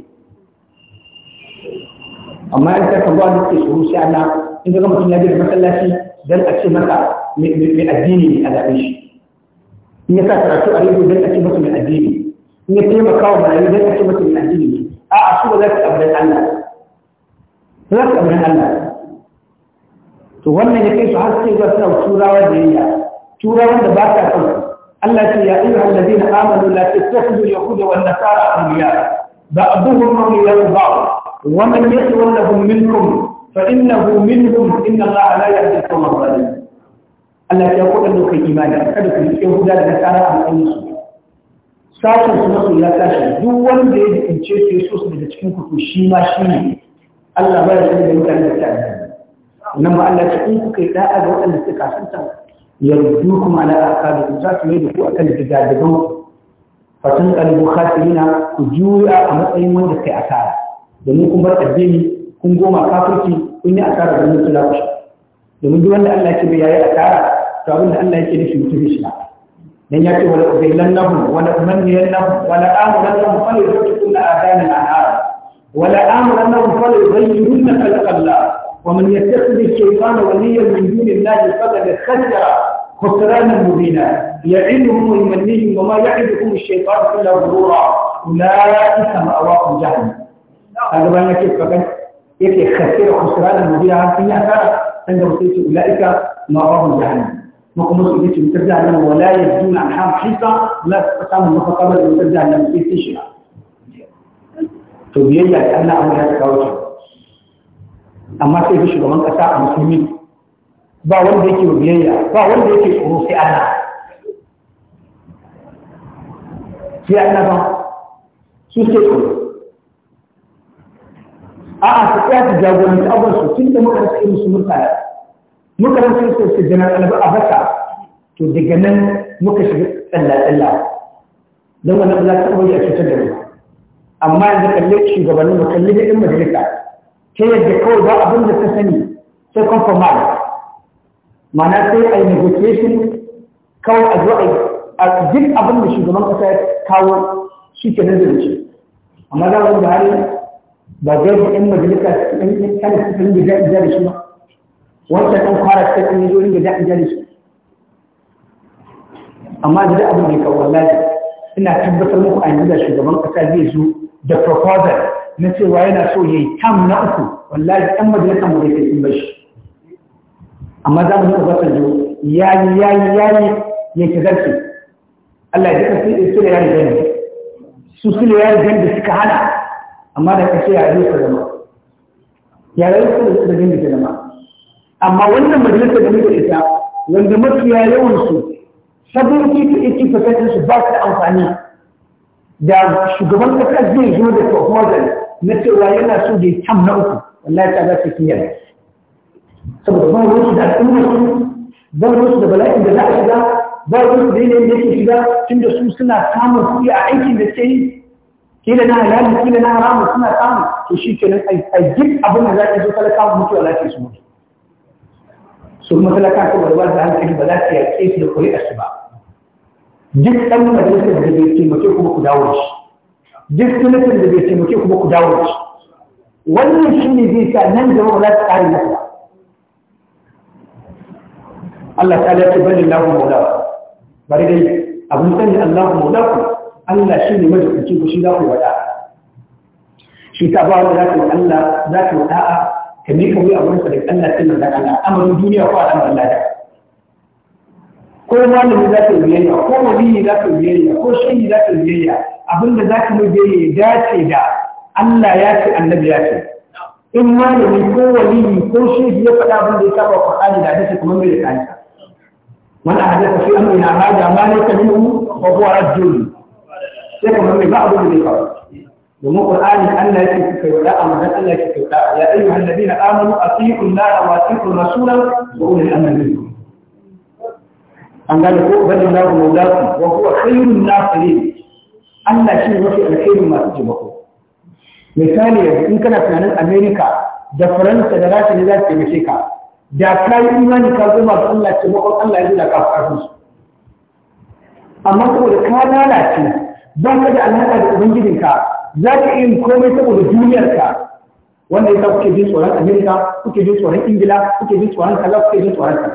amma in ka kawo da ke tsoro sai ana in ga mutum ya gina masallaci don a ce maka mai addini ne a zaɓe shi in ya sa karatu a rediyo don a ce masa mai addini in ya taimaka wa marayu don a ce masa mai addini ne a'a su ba za su abu Allah za su abu Allah to wannan ya kai su har sai ga suna turawa da yayya turawan da ba ta son Allah ce ya ayyuhal ladina amanu la tattakhudhu al-yahuda wan nasara awliya ba'dhum awliya ba'd wa man yatawallahum minkum fa innahu minhum inna Allah la yahdi al-qawma al-zalimin Allah ya kuɗa da kai imani kada ku yi yahuda da nasara a cikin su sashen su masu ya tashi duk wanda ya jikince su ya so su daga cikin kuku shi ma shi ne Allah ba ya sani da mutane da ta yi nan ba Allah ce in kuka yi da'a ga waɗanda suka kasanta yardu kuma na akabi za su mai da ku akan digadigan fatan kalbu khatirina ku juya a matsayin wanda kai asara domin kun bar addini kun goma kafirci kun yi asara da mutu lafiya domin duk wanda Allah ya ce bai yayi asara to abin da Allah yake nufi mutum shi ba. من يأتي ولا أذلنهم ولا أمنينهم ولا آمرنهم فليغيرن آذان الأنهار ولا آمرنهم فليغيرن خلق الله ومن يتخذ الشيطان وليا من دون الله فقد خسر خسرانا مبينا يعدهم ويمنيهم وما يعدهم الشيطان إلا غرورا أولئك مأواهم جهنم هذا ما كيف فقد يتخسر خسرانا مبينا عن فيها فقد أولئك مأواهم جهنم مقمص البيت المتبع لهم ولا يبدون عن حام حيطة لا تستطيعون المفقبة المتبع لهم في تشرع فبيجي لأن أمر هذا كوجه أما سيف شغمان كساء المسلمين با wanda yake biyayya ba wanda yake tsoro sai Allah sai Allah ba su ke tsoro a'a su tsaya su jagoranci abin su tun muka rasu su su jana ɗalibin a baka to daga nan muka shiga tsalla-tsalla don wannan ba za ta ɗauki cutar da mu amma yanzu kalli shugabannin mu kalli daɗin majalisa ta yadda kawai ba abin da ta sani sai compromise ma'ana sai a yi negotiation kawai a zo a duk abin da shugaban kasa ya kawo shi ke nan zai amma za mu da hari ba zai ɗin majalisa ɗin kan su da shi ba wanda kan fara cikin kan yi da daɗin jari su amma da da abin da wallahi ina tabbatar muku a yanzu da shugaban ƙasa zai zo da proposal na cewa yana so ya yi tam na uku wallahi ɗan majalisar mu zai sun bashi amma za mu yi ƙasar jo yi, ya yi, ya yi, ki zarce Allah ya duka su da yayi gani su su da yayi gani da suka hana amma da ƙashe ya yi su zama ya yi su da gani da zama amma wannan majalisar da muke ita wanda mafiya yawan su sabon kifi ta fasatin su ba su amfani da shugaban kasa zai zo da proposal na cewa yana so da ya na uku wallahi ta za su kiyar saboda ba ruwansu da al'ummar su ba ruwansu da bala'in da za a shiga ba ruwansu da yanayin da yake shiga tun da su suna samun kuɗi a aikin da ke yi kila na halali kila na haramun suna samun to shi kenan a duk abin da za a zo talakawa mutuwa lafiya su mutu su kuma talaka ko ba da hankali ba za ta yaƙe su da kuri'a su ba duk ɗan majalisar da bai taimake kuma ku dawo da shi duk sanatar da bai taimake kuma ku dawo da shi wannan shi ne zai sa nan gaba ba za su ƙare masa Allah ta lafi bari lahu maulaku bari dai abin sani Allah maulaku Allah shi ne majalisar ku shi za ku wada shi ta ba wanda za ku yi Allah za ku da'a ka miƙa wuya wurin sa da Allah ta nan da Allah amarin duniya ko al'amarin lada ko malami za ka yi biyayya ko waliyi za ka yi biyayya ko shayi za ka yi biyayya abinda za ka yi biyayya ya dace da Allah ya ce annabi ya ce in malami ko waliyi ko shehi ya faɗa abin da ya saba Qur'ani da hadisi kuma bai da kansa man ahdatha fi amrina hada ma laysa minhu wa huwa rajul sai kuma mai ba abin da ya faru domin Qur'ani Allah yake ku kai wada amma dan Allah yake kyauta ya ayyuhal ladina amanu atiiu Allah wa atiiu rasulahu wa ulil amri minkum an gane ko bani Allah mawlaku wa huwa khayrun nasirin Allah shi ne alkhairin masu taimako misali yanzu in kana tunanin America da Faransa da Rasha ne za su taimake ka da kai imani ka zo masu Allah taimakon Allah ya zuwa ka fasu amma da ka lalace ba ka da alaƙa da ubangijinka za ka yin komai saboda duniyar ka wanda ya sa kuke jin tsoron amerika kuke jin tsoron ingila kuke jin tsoron kaza kuke jin tsoron ka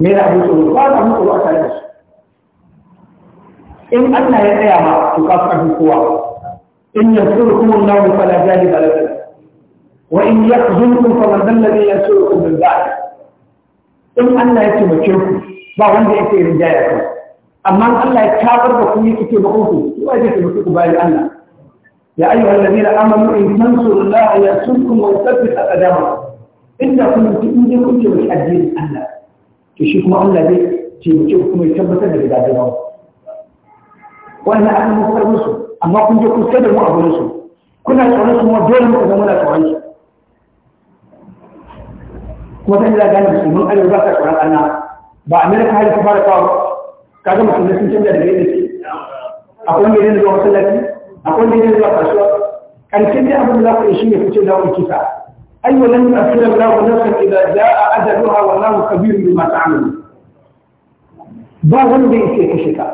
me na abin tsoro ba na abin tsoro a tare da su in allah ya tsaya ma to ka fi ƙarfin kowa in yansurkum allah fala ghaliba lakum wa in yakhzulkum faman dhal ladhi yansurukum a yi. in allah ya taimake ku ba wanda ya yake rinjaya kuma amma Allah ya tabar da ku yake ce ba ku wai zai tabbata ku bayan Allah ya ayyuhal ladina amanu in tansurullaha yansurkum wa yuthabbit aqdamakum inda kun ji in je kun ce mai addinin Allah to shi kuma Allah zai ce mu ce kuma ya tabbatar da gidajen wannan abin mu musu amma kun je kun sai da mu a gurin su kuna tsoron su ma dole muka zama na tsoron su kuma sai da gane musulmin arewa ba ka tsoron Allah ba Amerika har ta fara kawo kaga mutum sun canza daga yadda ke a kwanye ne zuwa masallaci a kwanye kasuwa kan canza abin da za ku yi shi ne kuce za ku kisa ai wa lamma sura la wa nafsa idza jaa ajaluha wa lahu kabirun bima ta'malu ba wanda yake kashe ka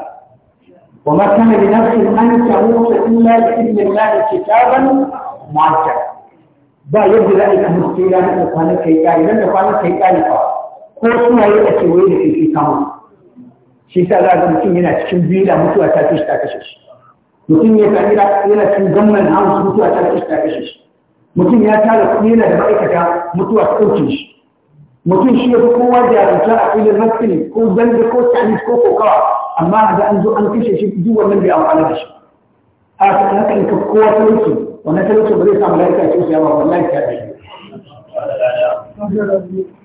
wa ma kana li nafsin an tamuta illa bi idnillahi kitaban mu'ajjal ba yadda za a yi kamar sai ya haɗa kwanar kai ƙari, nan da kwanar kai ƙari fa, ko suna yi a cewa yadda ke fi kamar. shi sa za ga mutum yana cikin bila mutuwa ta kashe ta kashe shi mutum ya sami yana cikin gamman amsu mutuwa ta kashe ta kashe shi mutum ya tara kuɗi yana da ma'aikata mutuwa ta ɗauke shi mutum shi ya fi kowa jarumta a filin rafin ko zanga ko chinese ko kokawa amma da an zo an kashe shi duk wannan bai amfana da shi a kan haka in ka kowa talauci wannan talauci ba zai samu lafiya ce su yawa wallahi ta da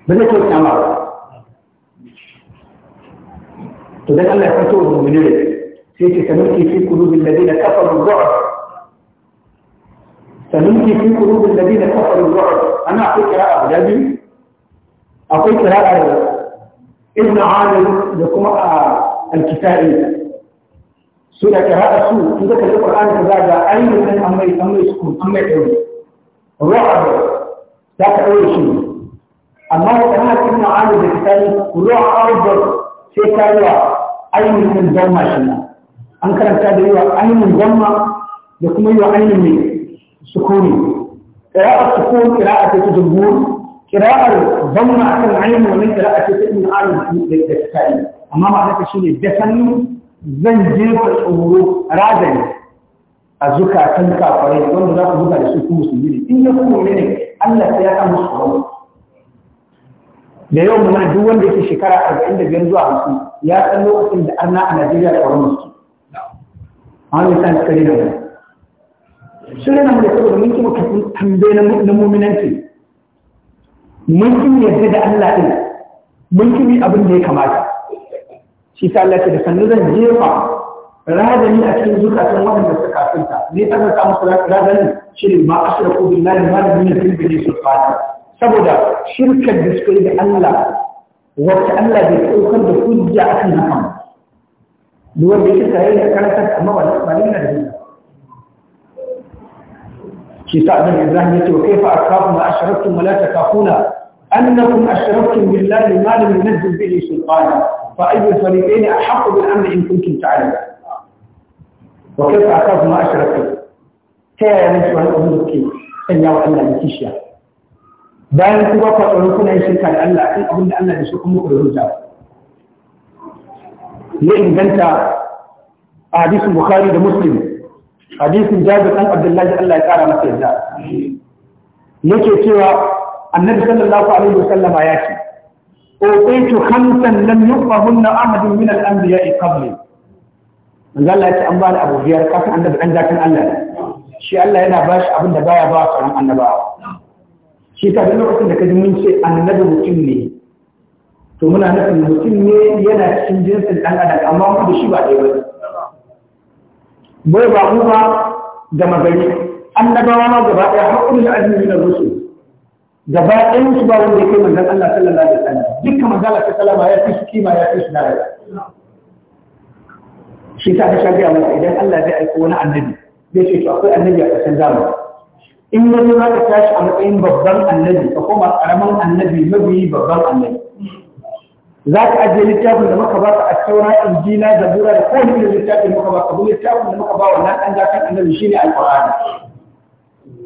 ba zai kyauta ma ba تقول الله يكون تؤذوا من ذلك في قلوب الذين كفروا الرعب سنلقي في قلوب الذين كفروا الرعب انا اعطيك يا اعجابي اعطيك يا اعجابي ابن عامل لقراء الكتائي سورة كراءة سورة تذكر القرآن تبادى أين من أمي أمي سكون أمي رعب لا تقول شيء أما هو كمان ابن عامل الكتائي رعب شيء كان ainihin zama shi an karanta da yiwa ainihin zama da kuma yiwa ainihin sukuni ƙira'ar sukuni ƙira'ar ta ce jambuwar ƙira'ar zama a kan ainihin wani ƙira'ar ta ce ainihin da ta kai amma ma haka ne da sanu zan je ka tsoro ragari a zuka kan kafarai wanda za ku buga da su kuma su yi ne in ya kuma ne Allah ya kama su wani da yau mana duk wanda yake shekara arba'in da biyar zuwa hamsin ya san lokacin da arna a najeriya da wani musu an yi san kare da mu sun rana mu da saboda mun kuma kafin tambaye na muminanci mun kin yadda da allah ɗin mun kin abin da ya kamata shi sa allah ce da sannu zan jefa radani a cikin zukatan waɗanda suka kafinta ne ta zata musu radani shirin ma ashiraku billahi ma da duniya su fata. saboda shirkar da suka yi da Allah wacce Allah bai ɗaukar da hujja a kan hakan da wanda yake tare da karantar amma ba ba ne da hujja shi ta Adam Ibrahim ya ce wa kaifa akafu ma asharaktum wa la takafuna annakum asharaktum billahi ma lam yunzil bihi sultana fa ayu fariqayn ahqqu bil amri in kuntum ta'lamun wa kaifa akafu ma asharaktum ta ne shi wani abin da ke sanya wa Allah ne kishiya bayan ku ba wani kuna yin shirka da Allah kan abin da Allah da shi kuma ku da hujja ya inganta a hadisin Bukhari da Muslim hadisin Jabir ɗan Abdullahi Allah ya ƙara masa yadda yake cewa annabi sallallahu alaihi wasallam ya ce o kai, أوتيت خمسا لم يقفهن أحد من الأنبياء قبلي manzo Allah ya ce an bani abu biyar kafin annabi dan zakin Allah shi Allah yana bashi abin da baya ba sauran annabawa shi ta duk lokacin da ka ji mun ce annabi mutum ne to muna nufin mutum ne yana cikin jinsin ɗan adam amma mu da shi ba ɗaya ba bai ba mu ba gama gari annabawa ma gaba ɗaya haƙuri da azumi na rusul gaba ɗayan su ba wanda ya kai manzon Allah sallallahu alaihi wasallam dukkan manzon Allah sallallahu alaihi wasallam ya fi kima ya fi daraja shi ta ta shafi amma idan Allah zai aiko wani annabi zai ce to akwai annabi a ƙasar zamani in yanzu za ka tashi a matsayin babban annabi ka koma karamin annabi mabiyi babban annabi za ka ajiye littafin da muka baka a taura injila da bura da kowane irin littafin muka baka bu littafin da muka ba wa nan ɗan zakan annabi shi ne alƙur'ani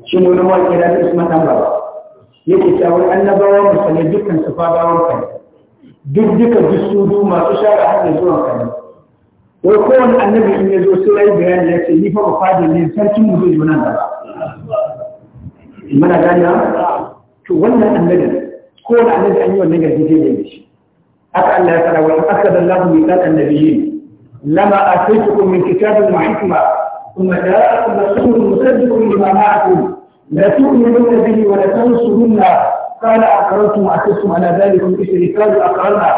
shi ne wani mawaƙi da isma usman ɗan baba yake cewa annabawan musulmai dukkan su fadawan kai duk duka jisudu masu shara hanyar zuwan kai wai kowane annabi in ya zo sai ya yi bayani ya ce ni fa ba fadi ne sarkin mu zai zo nan da ba. mana gani to wannan annabi ko wani annabi an yi wannan yarjejeniya da shi haka Allah ya fara wa akada Allahu mithaqan nabiyyin lama ataytukum min kitabin wa hikma ثم جاءكم رسول مصدق لما معكم لا تؤمنون به ولا تنصرونه قال أقررتم وأخذتم على ذلك إثري قالوا أقررنا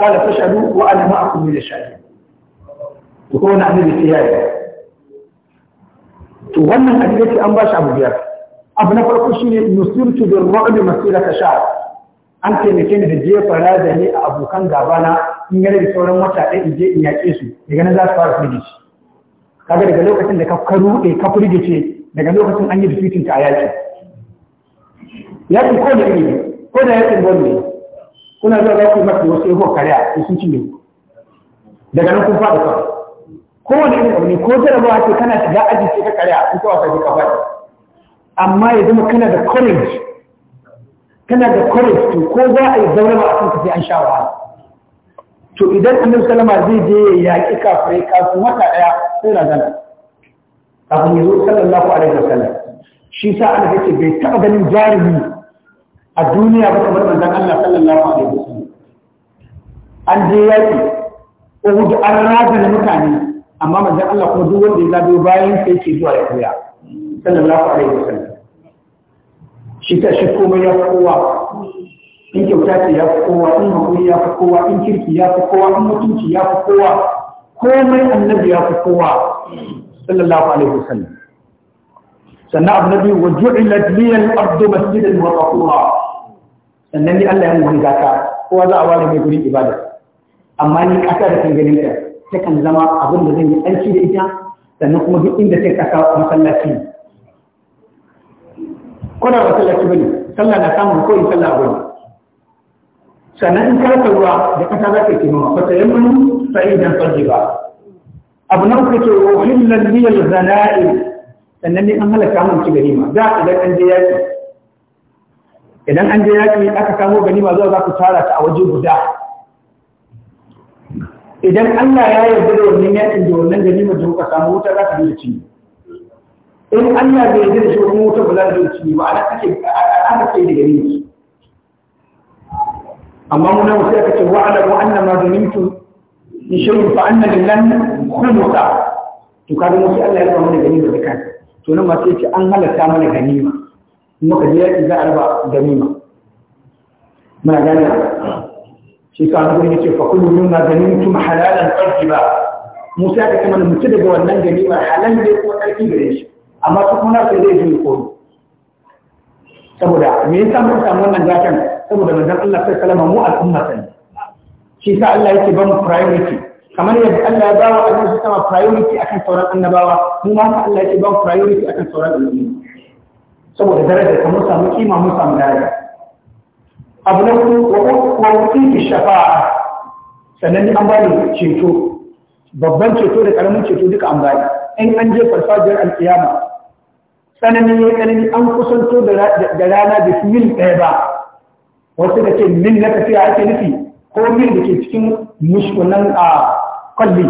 قال فاشهدوا وأنا معكم من الشاهدين وكون عن الاجتهاد to wannan hadisi an bashi abu biyar abu na farko shine nusirtu bil Masira ta sha an taimake ni da jefa da ne a abokan gaba na in yana da sauran wata ɗaya in je in yaƙe su daga nan za su fara firgici kaga daga lokacin da ka ruɗe ka firgice daga lokacin an yi defeating ta a yaƙi yaƙi ko da iri ko da yaƙin gwamnati kuna zuwa za ku yi masa wasu yawon kariya ko sun cinye daga nan kun faɗi kawai kowane irin abu ne ko jarabawa ce kana shiga aji ce ka kariya ko kawai ka je ka faɗi amma ya zama kana da courage kana da courage to ko za a yi zaure ba a kanka sai an sha wahala to idan annabi Salama zai je ya yaƙi kafirai kafin wata ɗaya sai na gana kafin ya zo sallallahu alaihi wasallam shi sa ana ce bai taɓa ganin jarumi a duniya ba kamar manzon Allah sallallahu alaihi wasallam an je yaƙi Uhud an rabu mutane amma manzon Allah kuma duk wanda ya zabe bayan sai ke zuwa ya koya sallallahu alaihi wasallam shi ta shi komai ya kowa in kyauta ce ya kowa in hakuri ya kowa in kirki ya kowa in mutunci ya kowa komai annabi ya kowa sallallahu alaihi wasallam sannan abu nabi wa ju'ilat li al-ardu masjidan wa tahura sannan ni Allah ya mun gata kowa za a ware mai gurin ibada amma ni kasa da kan ganin ta kan zama abin da zan yi aiki da ita sannan kuma duk inda sai kasa masallaci ko da ba sallah bane sallah na samun ko in sallah bane sannan in karka ruwa da kasa za ka yi kimawa yin ta sai idan sarki ba abu na uku ce wa hillan liyal zana'i sannan ne an halaka mun ci ganima da idan an je yaki idan an je yaki aka kamo ganima zuwa za ku tara ta a waje guda idan Allah ya yarda da wannan yakin da wannan ganima da kuka samu wuta za ta yi da cinye in Allah bai yarda da shi wani wuta ba za ta dauki ba ana kake ana kai daga gare shi amma mun nan sai aka ce wa ala wa anna ma dunimtu in shay'in fa anna lillahi khumsa to kaga mu sai Allah ya raba mana ganima da kai to nan ma sai ce an halatta mana ganima muka je yaki za a raba ganima muna gane shi ka an gurin ce fa kullu mimma ganimtum halalan tayyiba musa ka kamar mutu daga wannan ganima halal ne ko tsarki gare shi amma tukuna sai zai yi ko saboda me yasa mun samu wannan gatan saboda manzon Allah sai kalama mu al'umma sai shi sa Allah yake ba mu priority kamar yadda Allah ya bawa annabi sama priority akan sauran annabawa mu ma sa Allah yake ba mu priority akan sauran annabawa saboda daraja kamar samu kima mu samu daraja abu na ku wa wuti shafa'a sannan an bani ceto babban ceto da karamin ceto duka an bani in an je farfajiyar alkiyama tsananin ya tsanani an kusanto da rana da su mil ɗaya ba wasu da ke mil na tafiya ake nufi ko mil da ke cikin muskunan a kwalli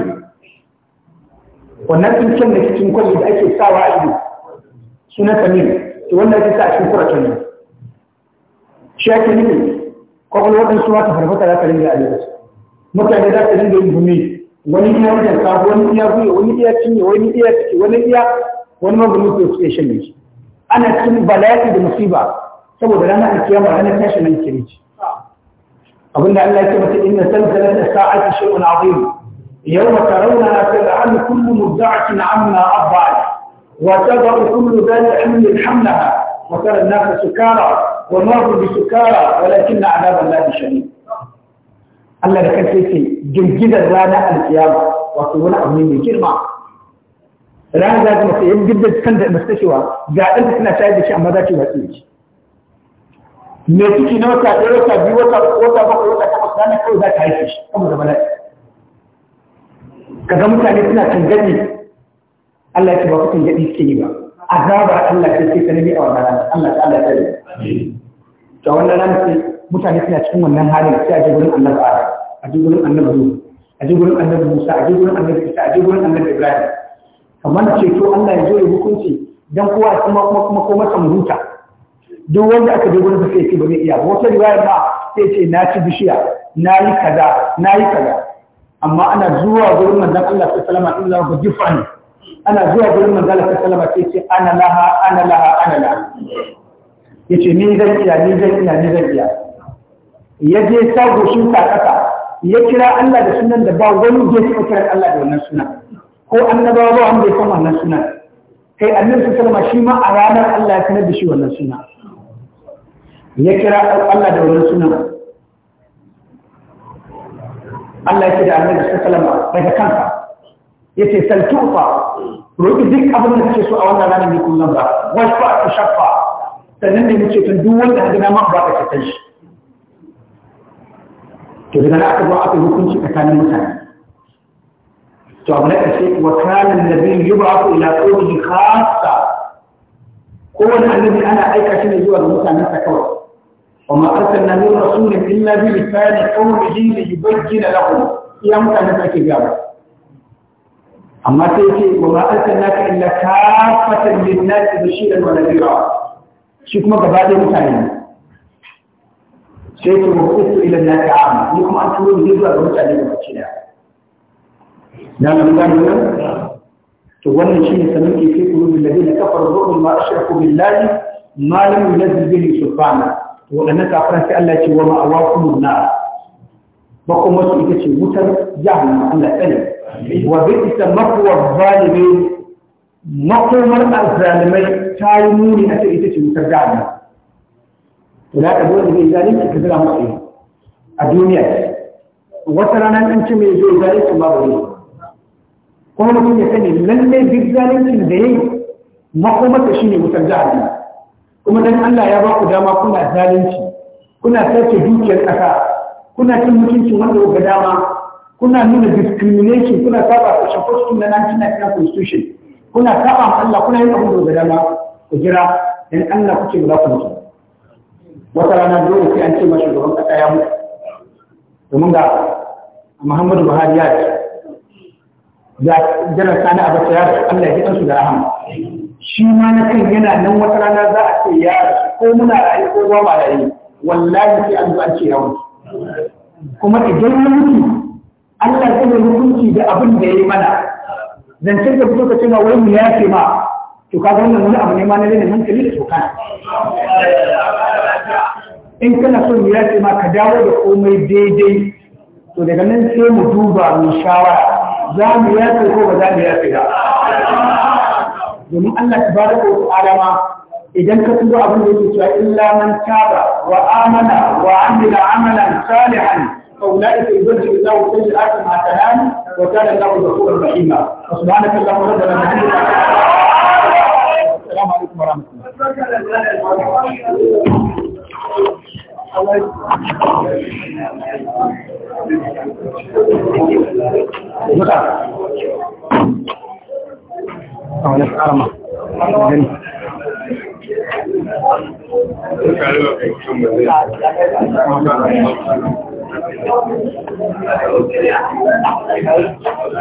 wannan tsinken da cikin kwalli da ake sawa a ido suna ta mil to wannan ke sa a cikin kura kenan shi ake nufi kwakwalwa waɗansu ma ta farfata za ta ringa a lokacin mutane za ta ringa yin gumi wani iya wajen kafu wani iya guya wani iya cinye wani iya ciki wani iya wani magani ko suke shan mai ana cin bala'i da musiba saboda rana a kiyama rana tashi nan kiriji abinda Allah ya ce mata inna zalzalata sa'ati shay'un azim yawma tarawna tad'alu kullu muddatin amma abba'a wa tad'u kullu dhati ilmin hamlaha wa tara an-nasa sukara wa ma hum bisukara walakin 'adab Allah shadid Allah da kansa ce girgizar rana al-kiyama wato wani abu ne mai girma ranar za ta mace yin da kan da masu cewa ga ɗanta tana shayar da shi amma za ta watsi da shi me ciki na wata ɗaya wata biyu wata wata bakwai wata takwas ranar kawai za ta haife shi kuma zama lafiya kaga mutane suna tangani Allah ya ce ba ku tangani suke yi ba azaba Allah ya ce sanani a wannan ranar Allah ta Allah ta yi to wannan ranar sai mutane suna cikin wannan halin sai a je gurin annabi a je gurin annabi a je gurin annabi Musa a je gurin annabi Isa a je gurin annabi Ibrahim kamar to Allah ya zo ya hukunci dan kowa kuma kuma kuma ko huta duk wanda aka je gurin sai ce ba zai iya wata riwaya ba sai ce na ci bishiya na yi kaza na yi kaza amma ana zuwa gurin manzon Allah sallallahu alaihi wasallam illa gifani ana zuwa gurin manzon Allah sallallahu alaihi wasallam sai ce ana laha ana laha ana laha yace ni zan iya ni zan iya ni zan iya ya je sa goshin sa kasa ya kira Allah da sunan da ba wani ya taɓa kiran Allah da wannan sunan ko annabawa ba wanda ya san wannan suna kai annabi sallama shi ma a ranar Allah ya sanar da shi wannan suna ya kira Allah da wannan suna Allah ya ce da annabi sallama daga kanka yace saltufa roki duk abin da kake so a wannan ranar ne kullum ba washfa ta shaffa sannan da muke tun duk wanda ga ma ba ka ta shi to daga aka zo aka hukunci tsakanin mutane تعملك شيء وكان النبي يبعث إلى قومه خاصة قوة الذي أنا أيك شيء موسى المتعنى تكوى وما أرسلنا من رسول إلا بلسان قومه ليبين لهم يا متعنى تكوى أما تيجي وما أرسلناك إلا كافة للناس بشيرا ونذيرا شوف ما بعد متعنى شيء إلى الناس عامة لكم أن تقولوا يجوى المتعنى تكوى ya mun gano nan to wannan shine sanin ke fi qulubil ladina kafaru rubbul ma ashraku billahi ma lam yunzil bihi subhana to wannan kafaran sai Allah ce wa ma awakumun nar ba kuma su ita ce wutar jahannam Allah tsare wa bi'sa maqwa zalimin makomar azzalimai ta yi muni a ce ita ce wutar jahannam to da ka dole zai zalunci ka zira masa a duniya wata rana an ce mai zai zalunci ba ne kuma mutum ya sani lalle duk zalincin da yayi makomarsa shine wutar jahannama kuma dan Allah ya ba ku dama kuna zalunci kuna sace dukiyar ƙasa kuna cin mutuncin wanda kuka dama kuna nuna discrimination kuna saba section 14 na 1999 constitution kuna saba Allah kuna yin abin da kuka dama ku jira dan Allah kuke ba ku mutu wata rana dole sai an ce mashi gaban ƙasa ya mutu domin ga Muhammadu Buhari ya ce janar sani a bata yaro Allah ya ɗansu da rahama shi ma na kan yana nan wata rana za a ce ya ko muna rayu ko ba ma rayu wallahi sai an zuwa ce yawon kuma idan ya mutu Allah zai yi hukunci da abin da ya yi mana Zan ce da fito ka ce ma wai mu ya ce ma to ka wannan wani abu ne ma na rena hankali da toka in kana son mu ya ce ma ka dawo da komai daidai to daga nan sai mu duba mu shawara za mu yafe ko ba za mu yafe ba domin Allah ta bada ko alama idan ka tuba abin da yake cewa illa man taba wa amana wa amila amalan salihan فأولئك يبدل الله سيئات حسنات وكان الله غفورا رحيما فسبحانك اللهم ربنا وبحمدك السلام عليكم ورحمة الله duka a wani karama gani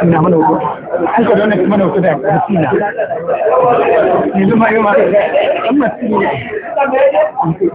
ina mana hudu an ka zaune mana hudu da masina yanzu ma yi ma ɗan masina